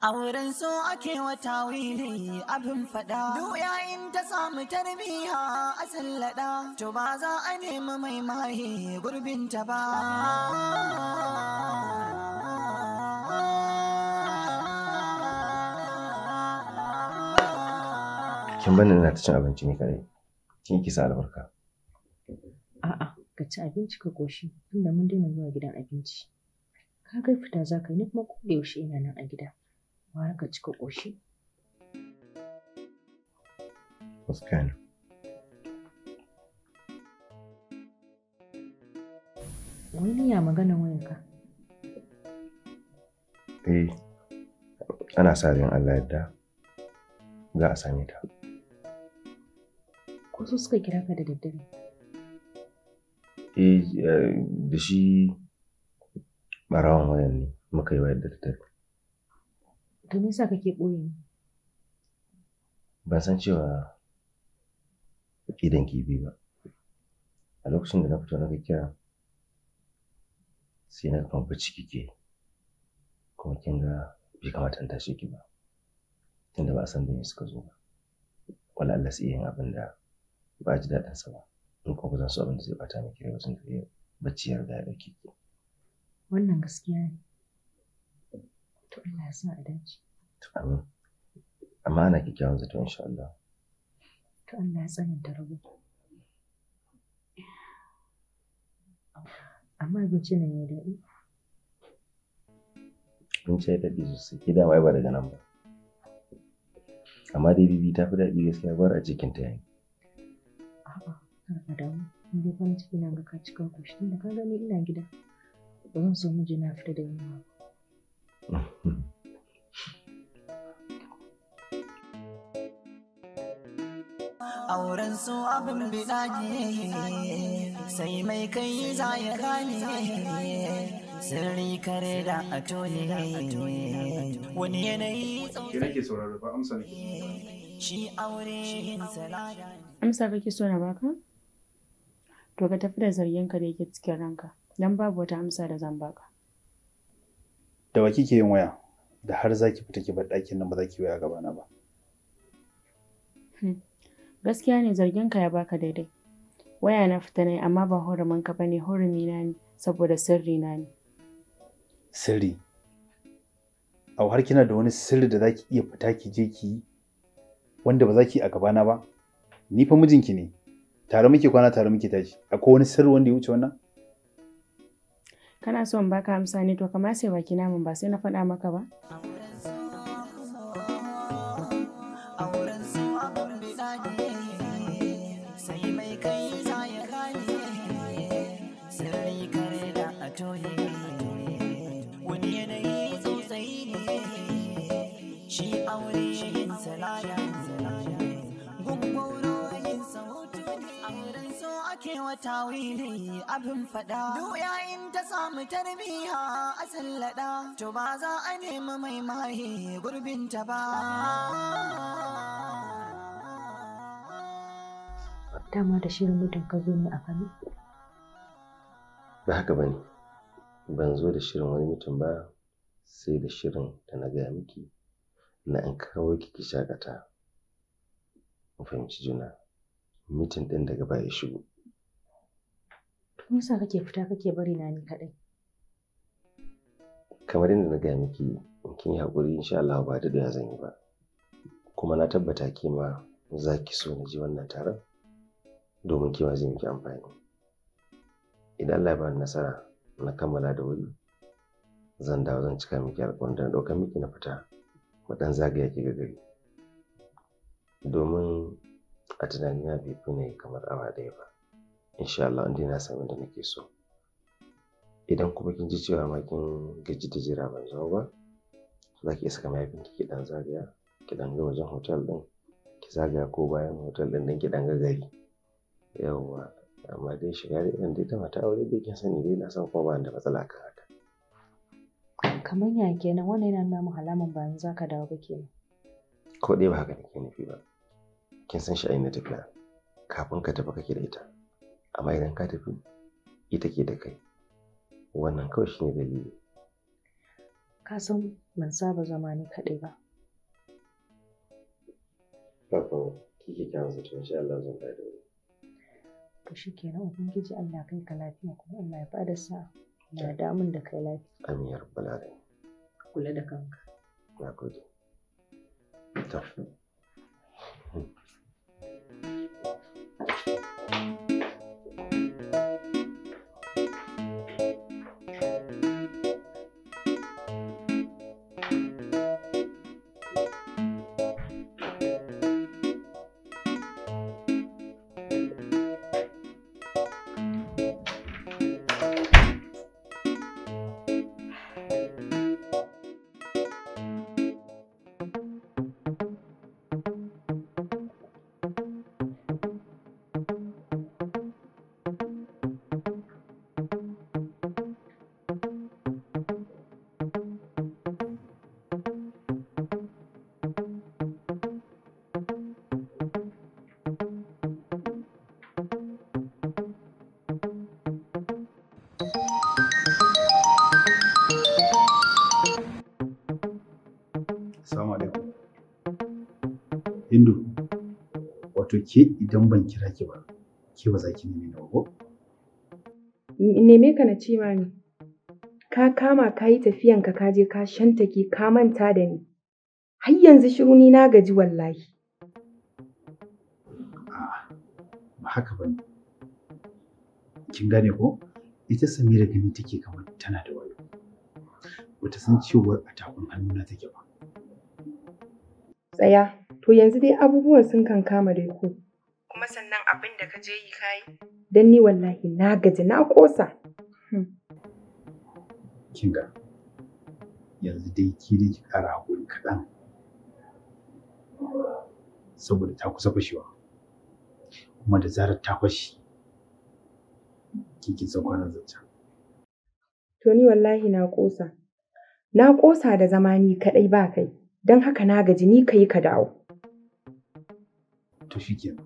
A wurin so ake wata wili abin fada. Duk yayin ta samu tarbiya a sallada, to ba za a nemi mai gurbin gurbinta ba. Kin bani na ta cin abinci ne kadai. Kin ki sa albarka. A'a, ka ci abinci ka koshi, tunda mun daina zuwa gidan abinci. Ka kai fita za ka yi, ni kuma da yaushe ina nan a gida. har ka cika ƙoshi. Fuskana. Wani ya magana wayanka? Eh, ana sa ran Allah yadda za a same ta. Ko su suka kira ka da daddare? Eh, eh da shi ɓarawan wayan ne muka yi wayar da daddare. To me yasa kake ɓoye ni? Ban san cewa ƙidan kibi ba. A lokacin da na fito na ga kira sai na kamfa ciki ke kuma kin ga bai kamata in tashi ki ba tunda ba a san da suka zo ba. Wala Allah sai yin abin da ba a ji daɗinsa ba. In kuma ba su abin da zai bata miki rai ba tunda bacci ya riga ya ɗauke Wannan gaskiya ne. To Allah son sa a dace. To amin. Amma ana kyakkyawan zato insha Allah. To Allah ya tsananta rabo. Amma abinci ne mai daɗi. Mun ce ya daɗi sosai, ki dama ba daga nan ba. Amma dai bibi ta fi daɗi gaskiya bar a cikin ta yayi. A'a, ka damu. Ni dai farin ciki na ga ka cika kushi tunda ka gani ina gida. Ba zan so mijina fita da yunwa ba. auren su abin bida ne sai mai kai za ya gane sirri kare da a ne wani yanayi ba amsa shi aure in salada amsa kake so na baka to ka tafi da zargin ka da yake cikin ranka dan babu wata amsa da zan baka da wa kike yin waya da har zaki fita ki bar ɗakin nan ba za ki waya gabana ba Hmm. gaskiya ne zargin ka ya baka daidai waya na fita ne amma ba hurumin ka bane hurumi na ne saboda sirri na ne sirri a har kina da wani sirri da zaki iya fita ki je ki yi wanda ba za ki a gabana ba ni fa mijinki ne tare muke kwana tare muke tashi akwai wani sirri wanda ya wuce wannan kana so in baka amsa ne to kamar sai baki namun ba sai na faɗa maka ba shi aure yin salaya gungoro yin sautu ne auren so ake wata wili abin fada doya in ta samu tarbiya a sallada to ba za a nemi mai maye gurbinta ba dama da shirin mutum ka zo ne a kano ba haka ba ne ban zo da shirin wani mutum ba sai da shirin da na gaya miki na in kawo ki ki shakata mu fahimci juna mitin ɗin daga baya shigo me yasa kake fita kake bari na ni kaɗai kamar yadda na gaya miki kin yi haƙuri insha Allah ba da zan yi ba kuma na tabbata ke ma za ki so na ji wannan taron domin ke ma zai miki amfani idan Allah ya bani nasara na kammala da wuri zan dawo zan cika miki alƙawarin da na ɗauka miki na fita wadan zagaya ki ga gari domin a tunanina bai fi ne kamar awa ɗaya ba insha Allah inda na sami da nake so idan kuma kin ji cewa ma kin gaji da jira ban zo ba za ki iska saka mahaifin ki dan zagaya ki dan ga wajen hotel din ki zagaya ko bayan hotel din ki dan ga gari yawwa amma dai shiga da irin dai ta mata aure dai kin sani dai na san kuma ba da matsala kan haka kamar ya kenan wannan yana nuna mu alaman ba za ka dawo ba kenan ko dai ba haka nake nufi ba kin san shi a na tafiya kafin ka tafi kake da ita amma idan ka tafi ita ke da kai wannan kawai shine dalili ka san ban saba zama ni kaɗai ba Papa, kike kyawun zato insha Allah zan dawo. Ka shi kenan Ubangiji Allah kai ka lafiya kuma Allah ya da sa'a. Na damun da kai lafiya amin ya rabbal alamin kula da kanka na gode ke idan ban kira ki ba ke ba za ki neme ni ba neme ka na ce mami ka kama ka yi tafiyan ka kaje ka shantake ka manta da ni har yanzu shiru ni na gaji wallahi ba haka ba ne kin gane ko ita samira gani take kamar tana da wayo bata san cewar a takun hannuna take ba tsaya To yanzu dai abubuwan sun kankama dai ko. Kuma sannan abin da ka je yi kayi? Dan ni wallahi na gaji na ƙosa. Hmm. Kin ga yanzu dai ki ne ki ƙara hakuri kaɗan. Saboda ta kusa fashewa. Kuma da zarar ta fashe ki ki da zancen. To ni wallahi na ƙosa. Na ƙosa da zama ni kaɗai ba kai, don haka na gaji ni ka yi ka dawo. to kenan.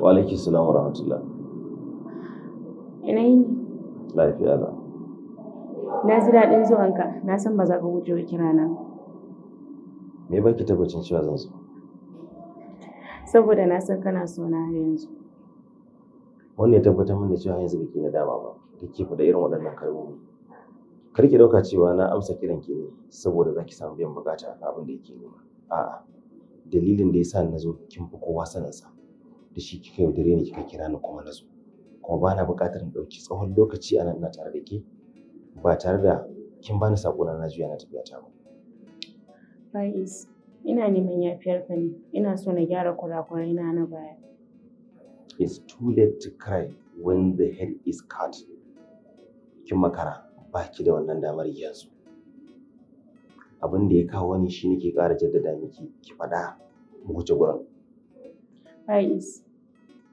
wa alaiki salam wa rahmatullah ina yi lafiya na na ji daɗin zuwanka na san ba za ka wuce wa kira na me baki tabbacin cewa zan zo saboda na san kana so na yanzu wanda ya tabbatar min da cewa yanzu baki na dama ba kake faɗa irin waɗannan kalmomi kar ki ɗauka cewa na amsa kiran ki ne saboda za ki samu biyan bukata abin da yake nema a'a dalilin da yasa na zo kin fi kowa sanin sa da shi kika dare ni kika kira ni kuma nazo, kuma ba na buƙatar in ɗauki tsawon lokaci a nan ina tare da ke ba tare da kin bani sakona na juya na tafiya ta ba. Faiz, ina neman yafiyar ka ne, ina so na gyara kurakurai na na baya. It's too late to cry when the head is cut. Kin makara, baki da wannan damar yanzu. abin da ya kawo ni shi nake ƙara jaddada miki ki faɗa mu wuce gurin. Faiz,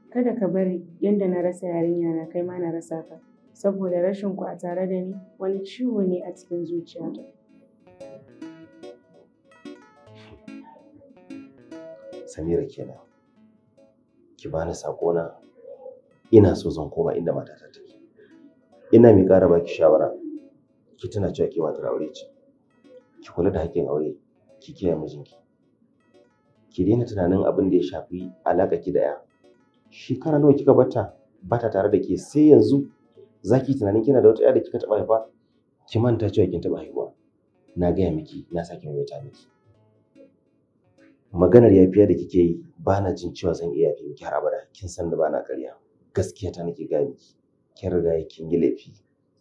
kada ka bari yadda na rasa yarinya na kai ma na rasa ka, saboda rashin ku a tare da ni wani ciwo ne a cikin zuciyata. Samira kenan, ki bani saƙona ina so zan koma inda matata take. Ina mai ƙara baki shawara, ki tana cewa ke matar aure ce. ki kula da haƙƙin aure ki kiyaye mijinki ki daina tunanin abin da ya shafi alaƙa ki da ya shekara nawa kika bata bata tare da ke sai yanzu zaki tunanin kina da wata ƴa da kika taɓa haifa ki manta cewa kin taɓa haihuwa na gaya miki na sake maimaita miki maganar yafiya da kike yi ba na jin cewa zan iya yafi miki har abada kin san da ba na ƙarya gaskiya ta nake gaya miki kin riga kin yi laifi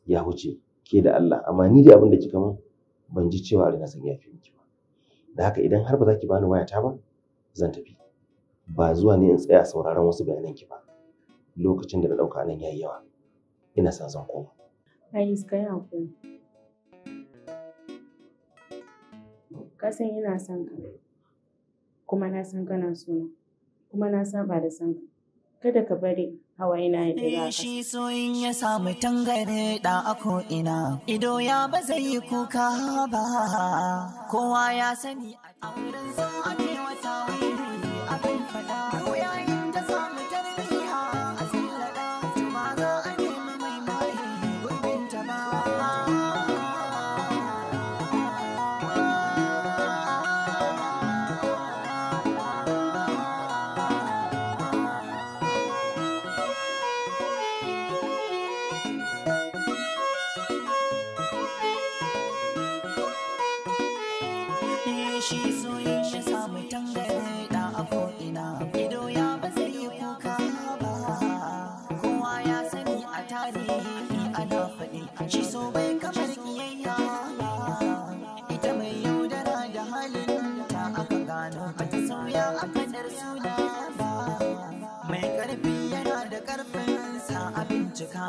ya huce ke da Allah amma ni dai abin da kika mun ban ji cewa da na san ya fi miki ba da haka idan har ba za ki bani wayata ba zan tafi ba zuwa ne in tsaya sauraron wasu bayanan ki ba lokacin da na ɗauka nan yayi yawa ina sa zan koma ai iska yi ku ka san ina son ka kuma na san kana so kuma na saba da san ka kada ka bari Eh, shi soyin ya samu tangare da ako ina ido ya ba zai yi kuka ba kowa ya sani a wurin sa ake wata shi soyin shi samu tangare da a ko'ina ido ya ba zai yi kuka ba kowa ya sani a tarihi ana faɗi shi so bai kamar kiyayya ita mai yaudara da halin ta aka gano ba ta sauya a kanar suna ba mai ƙarfi yana da ƙarfin sa a bincika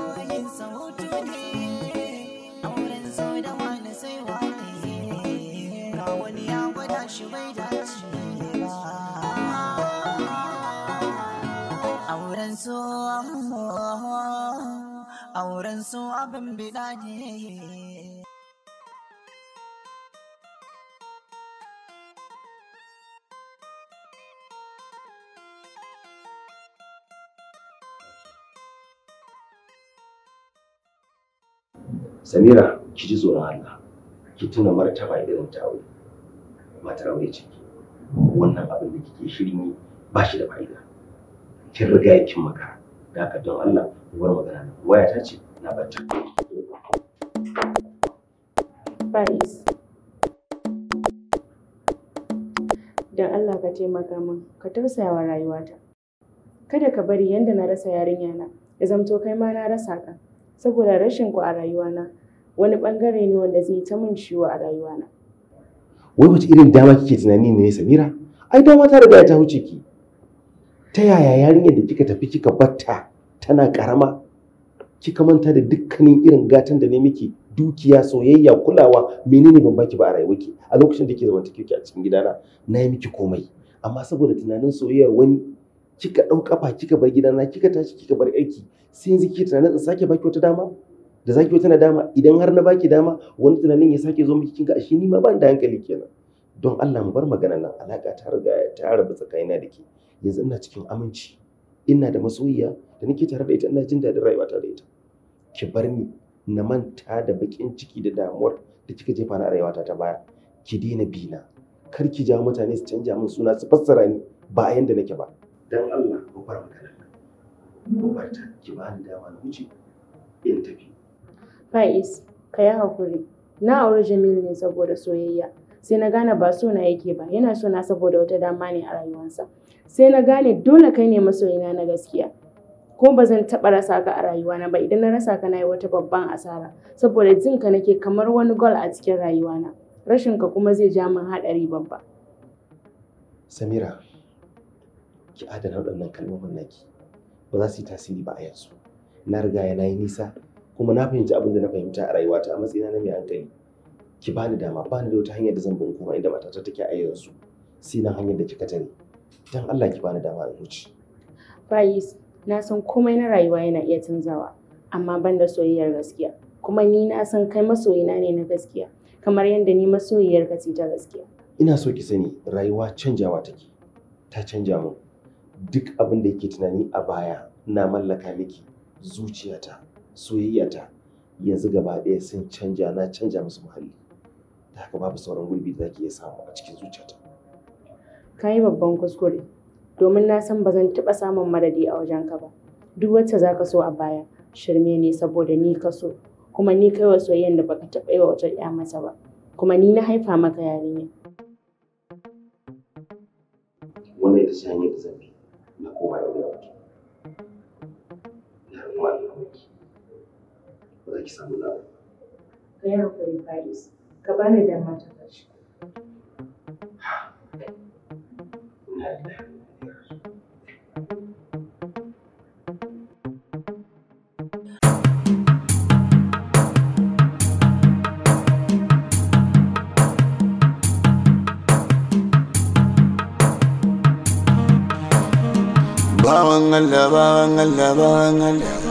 auren su auren su abin bida ne Samira ki ji tsoron Allah ki tuna martaba irin ta aure matar aure ciki wannan abin da kike shirin ba shi da fa'ida kin riga kin makara da haka don Allah uwar magana nan waya ta ce na bata Faris don Allah ka taimaka min ka tausaya wa rayuwata kada ka bari yanda na rasa yarinya na ya zamto kai ma na rasa ka saboda rashin ku a rayuwana wani bangare ne wanda zai ta min ciwo a rayuwana wai wace irin dama kike tunani ne Samira ai dama ta riga ta huce ki ta yaya yarinyar da kika tafi kika batta tana karama kika manta da dukkanin irin gatan da ne miki dukiya soyayya kulawa menene ban baki ba a rayuwa ki a lokacin da kike kike a cikin gidana na yi miki komai amma saboda tunanin soyayyar wani kika ɗau kafa kika bar gidana kika tashi kika bar aiki sai yanzu kike tunanin in sake baki wata dama da zaki wata dama idan har na baki dama wani tunanin ya sake zo miki kinga ashe ni ma ban da hankali kenan don Allah mu bar magana nan alaka ta riga ta rabu tsakanina da ke yanzu ina cikin aminci ina da masoyiya da nake tare da ita ina jin daɗin rayuwa tare da ita ki bar ni na manta da bakin ciki da damuwar da kika jefa na rayuwata ta baya ki daina bina kar ki ja mutane su canja min suna su fassara ni ba a yanda nake ba dan Allah ku bar kana ku bar ta ki ba ni dama na wuce in tafi Faiz ka yi hakuri na aure Jamil ne saboda soyayya sai na gane ba so na yake ba yana so na saboda wata dama ne a rayuwarsa sai na gane dole kai ne masoyina na gaskiya ko ba zan taɓa rasa ka a rayuwa na ba idan na rasa ka na yi wata babban asara saboda jin ka nake kamar wani gol a cikin rayuwana rashin ka kuma zai ja min haɗari babba samira ki adana waɗannan kalmomin naki ba za su yi tasiri ba a yanzu na riga ya yi nisa kuma na fahimci abin da na fahimta a rayuwata a matsayina na mai hankali ki bani dama bani da wata hanyar da zan bin kuma inda matata take a yanzu sai na hanyar da kika tare dan Allah ki bani dama in huce bayis na san komai na rayuwa yana iya canzawa amma ban da soyayyar gaskiya kuma ni na san kai masoyina ne na gaskiya kamar yadda ni masoyiyar ka ce ta gaskiya ina so ki sani rayuwa canjawa take ta canja mu duk abin da yake tunani a baya na mallaka miki zuciyata soyayyata yanzu gaba ɗaya sun canja na canja musu muhalli ta haka babu sauran gurbi da zaki iya samu a cikin zuciyata ka yi babban kuskure domin na san ba zan taɓa samun madadi a wajenka ba duk wacce za ka so a baya shirme ne saboda ni ka so kuma ni kaiwa soyayyar da baka taɓa yi wa wata ya mata ba kuma ni na haifa maka yarinya. Wannan ita ce hanyar da na kowa ya wuya wata. Na kuma na Ba za ki samu na Ka yi haƙuri Faris, ka bani dama ta ƙarshe. Bawangal, bawangal, bawangal.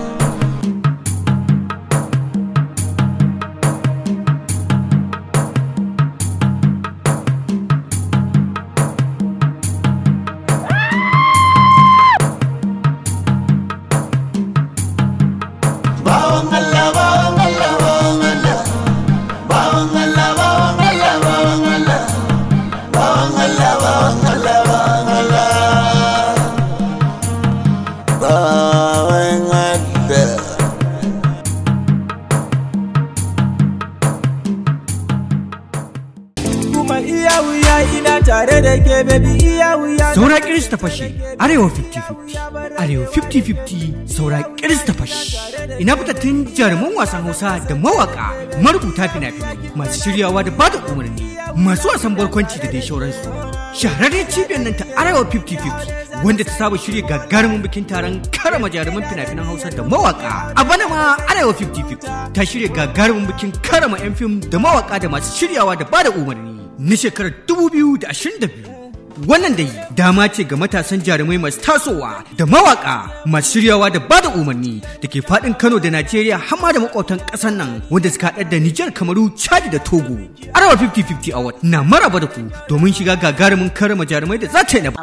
saura kirista fashi arewa 50-50 arewa 50-50 saura kirista fashi ina fitattun jaruman wasan hausa da mawaka marubuta fina-finai masu shiryawa da bada umarni masu wasan barkwanci da dai shauransu shahararren cibiyar nan ta arewa 50-50 wanda ta saba shirya gagarumin bikin taron karama jaruman fina-finan hausa da mawaka a bana ma arewa 50-50 ta shirya gagarumin bikin karama 'yan fim da mawaka da masu shiryawa da bada umarni na shekarar dubu biyu da da ashirin biyu. Wannan dai dama ce ga matasan jarumai masu tasowa da mawaka masu shiryawa da bada umarni da ke faɗin Kano da Najeriya hamma da makwabtan ƙasar nan wanda suka haɗar da Nijar, Kamaru, Chad da Togo. Arewa 50-50 Award na maraba da ku domin shiga gagarumin karama jarumai da za ta yi na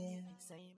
ba.